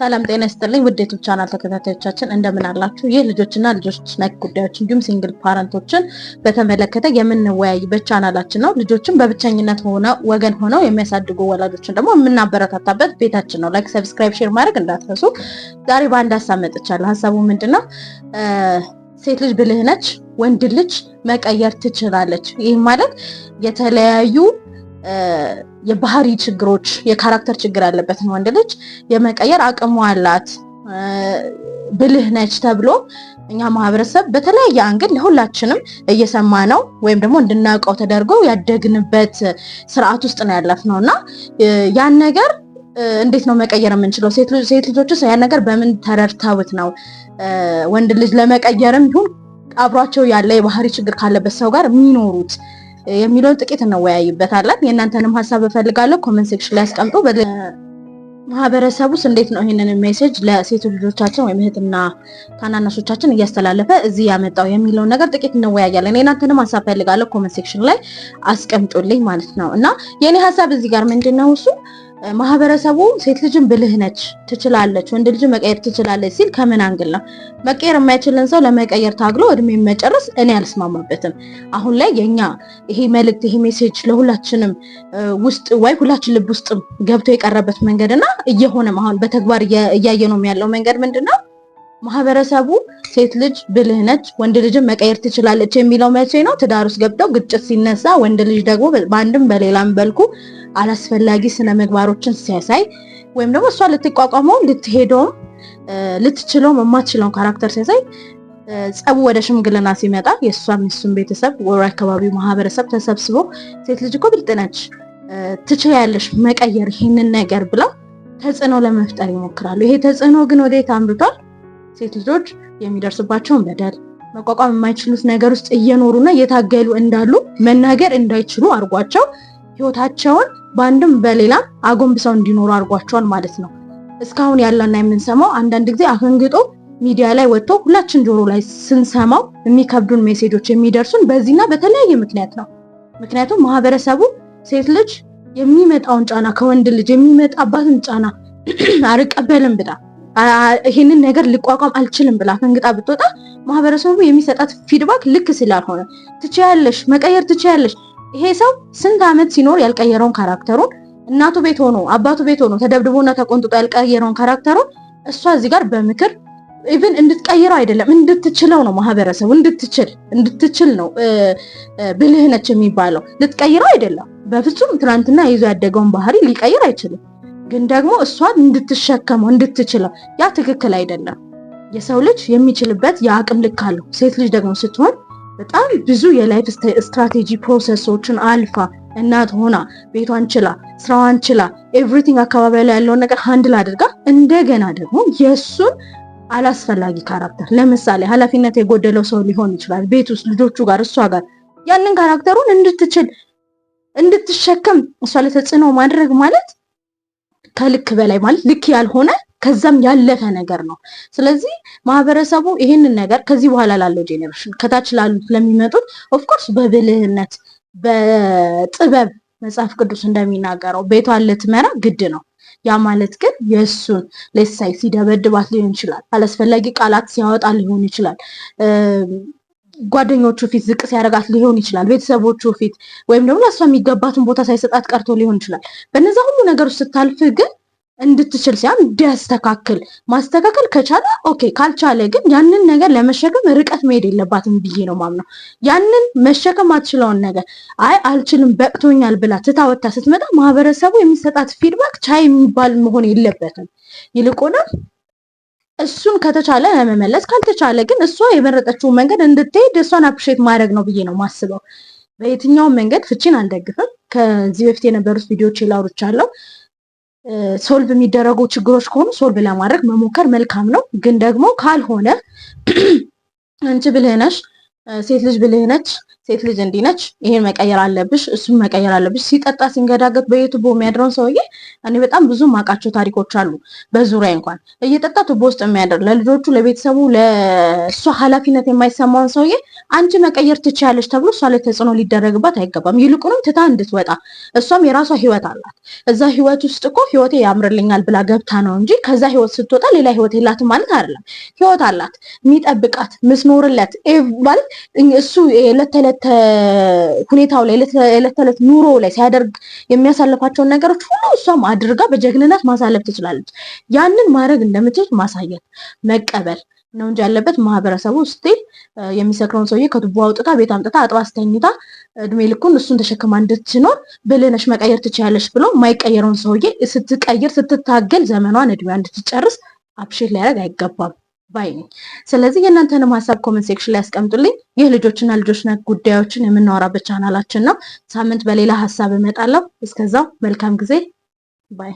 ሰላም ጤና ይስጥልኝ ውዴቱ ቻናል ተከታታዮቻችን እንደምን አላችሁ? ይህ ልጆችና ልጆች ነክ ጉዳዮች እንዲሁም ሲንግል ፓረንቶችን በተመለከተ የምንወያይበት ቻናላችን ነው። ልጆችን በብቸኝነት ሆነ ወገን ሆነው የሚያሳድጉ ወላጆችን ደግሞ የምናበረታታበት ቤታችን ነው። ላይክ፣ ሰብስክራይብ፣ ሼር ማድረግ እንዳትረሱ። ዛሬ በአንድ ሀሳብ መጥቻለሁ። ሀሳቡ ምንድን ነው? ሴት ልጅ ብልህ ነች፣ ወንድ ልጅ መቀየር ትችላለች። ይህ ማለት የተለያዩ የባህሪ ችግሮች የካራክተር ችግር ያለበትን ወንድ ልጅ የመቀየር አቅሙ አላት፣ ብልህ ነች ተብሎ እኛ ማህበረሰብ በተለያየ አንግል ለሁላችንም እየሰማ ነው ወይም ደግሞ እንድናውቀው ተደርጎ ያደግንበት ስርዓት ውስጥ ነው ነው እና ያን ነገር እንዴት ነው መቀየር የምንችለው? ሴት ልጆችስ ያን ነገር በምን ተረድተውት ነው ወንድ ልጅ ለመቀየርም ይሁን አብሯቸው ያለ የባህሪ ችግር ካለበት ሰው ጋር የሚኖሩት? የሚለውን ጥቂት እንወያይበታለን። የእናንተንም ሀሳብ እፈልጋለሁ። ኮመንት ሴክሽን ላይ አስቀምጦ ማህበረሰብ ውስጥ እንዴት ነው ይህንን ሜሴጅ ለሴቱ ልጆቻችን ወይም እህትና ታናናሾቻችን እያስተላለፈ እዚህ ያመጣው የሚለውን ነገር ጥቂት እንወያያለን። የእናንተንም ሀሳብ ፈልጋለሁ ኮመንት ሴክሽን ላይ አስቀምጡልኝ ማለት ነው እና የእኔ ሀሳብ እዚህ ጋር ምንድን ነው እሱ ማህበረሰቡ ሴት ልጅም ብልህ ነች፣ ትችላለች፣ ወንድ ልጅ መቀየር ትችላለች ሲል ከምን አንግል ነው? መቀየር የማይችልን ሰው ለመቀየር ታግሎ እድሜ መጨረስ እኔ አልስማማበትም። አሁን ላይ የኛ ይሄ መልእክት ይሄ ሜሴጅ ለሁላችንም ውስጥ ወይ ሁላችን ልብ ውስጥም ገብቶ የቀረበት መንገድ እና እየሆነም አሁን በተግባር እያየ ነው ያለው መንገድ ምንድን ነው? ማህበረሰቡ ሴት ልጅ ብልህ ነች፣ ወንድ ልጅን መቀየር ትችላለች የሚለው መቼ ነው? ትዳር ውስጥ ገብተው ግጭት ሲነሳ፣ ወንድ ልጅ ደግሞ በአንድም በሌላም በልኩ አላስፈላጊ ስነ ምግባሮችን ሲያሳይ ወይም ደግሞ እሷ ልትቋቋመው ልትሄደውም ልትችለውም የማትችለውን ካራክተር ሲያሳይ ጸቡ ወደ ሽምግልና ሲመጣ የእሷም የሱም ቤተሰብ ወር አካባቢው ማህበረሰብ ተሰብስቦ ሴት ልጅ እኮ ብልጥ ነች፣ ትችያለሽ መቀየር ይህንን ነገር ብለው ተጽዕኖ ለመፍጠር ይሞክራሉ። ይሄ ተጽዕኖ ግን ወዴት አምርቷል? ሴት ልጆች የሚደርስባቸውን በደል መቋቋም የማይችሉት ነገር ውስጥ እየኖሩና እየታገሉ እንዳሉ መናገር እንዳይችሉ አድርጓቸው ህይወታቸውን በአንድም በሌላ አጎንብሰው እንዲኖሩ አድርጓቸዋል ማለት ነው። እስካሁን ያለና የምንሰማው አንዳንድ ጊዜ አፈንግጦ ሚዲያ ላይ ወጥቶ ሁላችን ጆሮ ላይ ስንሰማው የሚከብዱን ሜሴጆች የሚደርሱን በዚህና በተለያየ ምክንያት ነው። ምክንያቱም ማህበረሰቡ ሴት ልጅ የሚመጣውን ጫና ከወንድ ልጅ የሚመጣባትን ጫና አልቀበልም ብላ ይህንን ነገር ልቋቋም አልችልም ብላ ፈንግጣ ብትወጣ ማህበረሰቡ የሚሰጣት ፊድባክ ልክ ስላልሆነ ትችያለሽ፣ መቀየር ትችያለሽ። ይሄ ሰው ስንት ዓመት ሲኖር ያልቀየረውን ካራክተሩን እናቱ ቤት ሆኖ አባቱ ቤት ሆኖ ተደብድቦና ተቆንጥጦ ያልቀየረውን ካራክተሩን እሷ እዚህ ጋር በምክር ኢቭን እንድትቀይረው አይደለም እንድትችለው ነው ማህበረሰቡ እንድትችል እንድትችል ነው ብልህ ነች የሚባለው። ልትቀይረው አይደለም በፍጹም ትናንትና ይዞ ያደገውን ባህሪ ሊቀይር አይችልም። ግን ደግሞ እሷን እንድትሸከመው እንድትችለው ያ ትክክል አይደለም። የሰው ልጅ የሚችልበት የአቅም ልክ አለው። ሴት ልጅ ደግሞ ስትሆን በጣም ብዙ የላይፍ ስትራቴጂ ፕሮሰሶችን አልፋ እናት ሆና ቤቷን ችላ ስራዋን ችላ ኤቭሪቲንግ አካባቢ ላይ ያለውን ነገር ሀንድል አድርጋ እንደገና ደግሞ የእሱን አላስፈላጊ ካራክተር ለምሳሌ ኃላፊነት የጎደለው ሰው ሊሆን ይችላል ቤት ውስጥ ልጆቹ ጋር እሷ ጋር ያንን ካራክተሩን እንድትችል እንድትሸከም እሷ ለተጽዕኖ ማድረግ ማለት ከልክ በላይ ማለት ልክ ያልሆነ ከዛም ያለፈ ነገር ነው። ስለዚህ ማህበረሰቡ ይህንን ነገር ከዚህ በኋላ ላለው ጄኔሬሽን ከታች ላሉት ለሚመጡት ኦፍኮርስ በብልህነት በጥበብ መጽሐፍ ቅዱስ እንደሚናገረው ቤቷን ልትመራ ግድ ነው። ያ ማለት ግን የእሱን ሌሳይ ሲደበድባት ሊሆን ይችላል። አላስፈላጊ ቃላት ሲያወጣ ሊሆን ይችላል። ጓደኞቹ ፊት ዝቅ ሲያደርጋት ሊሆን ይችላል። ቤተሰቦቹ ፊት ወይም ደግሞ ለእሷ የሚገባትን ቦታ ሳይሰጣት ቀርቶ ሊሆን ይችላል። በነዛ ሁሉ ነገሮች ስታልፍ ግን እንድትችል ሲያም እንዲያስተካክል ማስተካከል ከቻለ ኦኬ፣ ካልቻለ ግን ያንን ነገር ለመሸከም ርቀት መሄድ የለባትም ብዬ ነው ማምነው። ያንን መሸከም አትችለውን ነገር አይ አልችልም በቅቶኛል ብላ ትታወታ ስትመጣ ማህበረሰቡ የሚሰጣት ፊድባክ ቻይ የሚባል መሆን የለበትም ይልቁንም እሱን ከተቻለ ለመመለስ ካልተቻለ ግን እሷ የመረጠችውን መንገድ እንድትሄድ እሷን አፕሪሼት ማድረግ ነው ብዬ ነው ማስበው። በየትኛውም መንገድ ፍቺን አልደግፍም። ከዚህ በፊት የነበሩት ቪዲዮች ላውርቻለሁ። ሶልቭ የሚደረጉ ችግሮች ከሆኑ ሶልቭ ለማድረግ መሞከር መልካም ነው። ግን ደግሞ ካልሆነ አንቺ ብልህነሽ ሴት ልጅ ብልህነች ሴት ልጅ እንዲህ ነች፣ ይሄን መቀየር አለብሽ፣ እሱ መቀየር አለብሽ፣ ሲጠጣ ሲንገዳገት በየቱ ቦ የሚያድረውን ሰውዬ እኔ በጣም ብዙ ማውቃቸው ታሪኮች አሉ። በዙሪያ እንኳን እየጠጣ ቱቦ ውስጥ የሚያደር ለልጆቹ፣ ለቤተሰቡ፣ ለእሷ ኃላፊነት የማይሰማውን ሰውዬ አንቺ መቀየር ትችያለሽ ተብሎ እሷ ላይ ተጽዕኖ ሊደረግባት አይገባም። ይልቁንም ትታ እንድትወጣ እሷም የራሷ ህይወት አላት። እዛ ህይወት ውስጥ እኮ ህይወቴ ያምርልኛል ብላ ገብታ ነው እንጂ ከዛ ህይወት ስትወጣ ሌላ ህይወት የላትም ማለት አይደለም። ህይወት አላት፣ የሚጠብቃት፣ ምስኖርለት ማለት እሱ የዕለት ተዕለት ሁኔታው ላይ የዕለት ተዕለት ኑሮ ላይ ሲያደርግ የሚያሳልፋቸውን ነገሮች ሁሉ እሷም አድርጋ በጀግንነት ማሳለፍ ትችላለች። ያንን ማድረግ እንደምትችል ማሳየት መቀበል ነው እንጂ ያለበት ማህበረሰቡ ስቲል የሚሰክረውን ሰውዬ ከቱቦ አውጥታ ቤት አምጥታ አጥባ አስተኝታ እድሜ ልኩን እሱን ተሸክማ እንድትኖር ብልህነሽ መቀየር ትችላለች ብሎ የማይቀየረውን ሰውዬ ስትቀይር ስትታገል ዘመኗን እድሜዋ እንድትጨርስ አፕሼት ሊያደርግ አይገባም። ባይኝ። ስለዚህ የእናንተንም ሀሳብ ኮመንት ሴክሽን ላይ ያስቀምጡልኝ። ይህ ልጆችና ልጆች ነክ ጉዳዮችን የምናወራበት ቻናላችን ነው። ሳምንት በሌላ ሀሳብ እመጣለሁ። እስከዛው መልካም ጊዜ ባይ